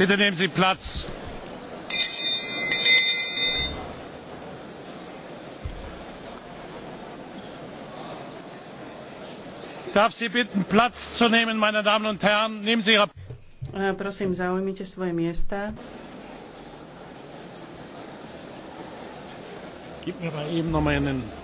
bitte nehmen sie platz. ich darf sie bitten platz zu nehmen meine damen und herren. nehmen sie ihre äh, Prosím, zaujmite svoje miesta. Gib mir mal eben noch mal einen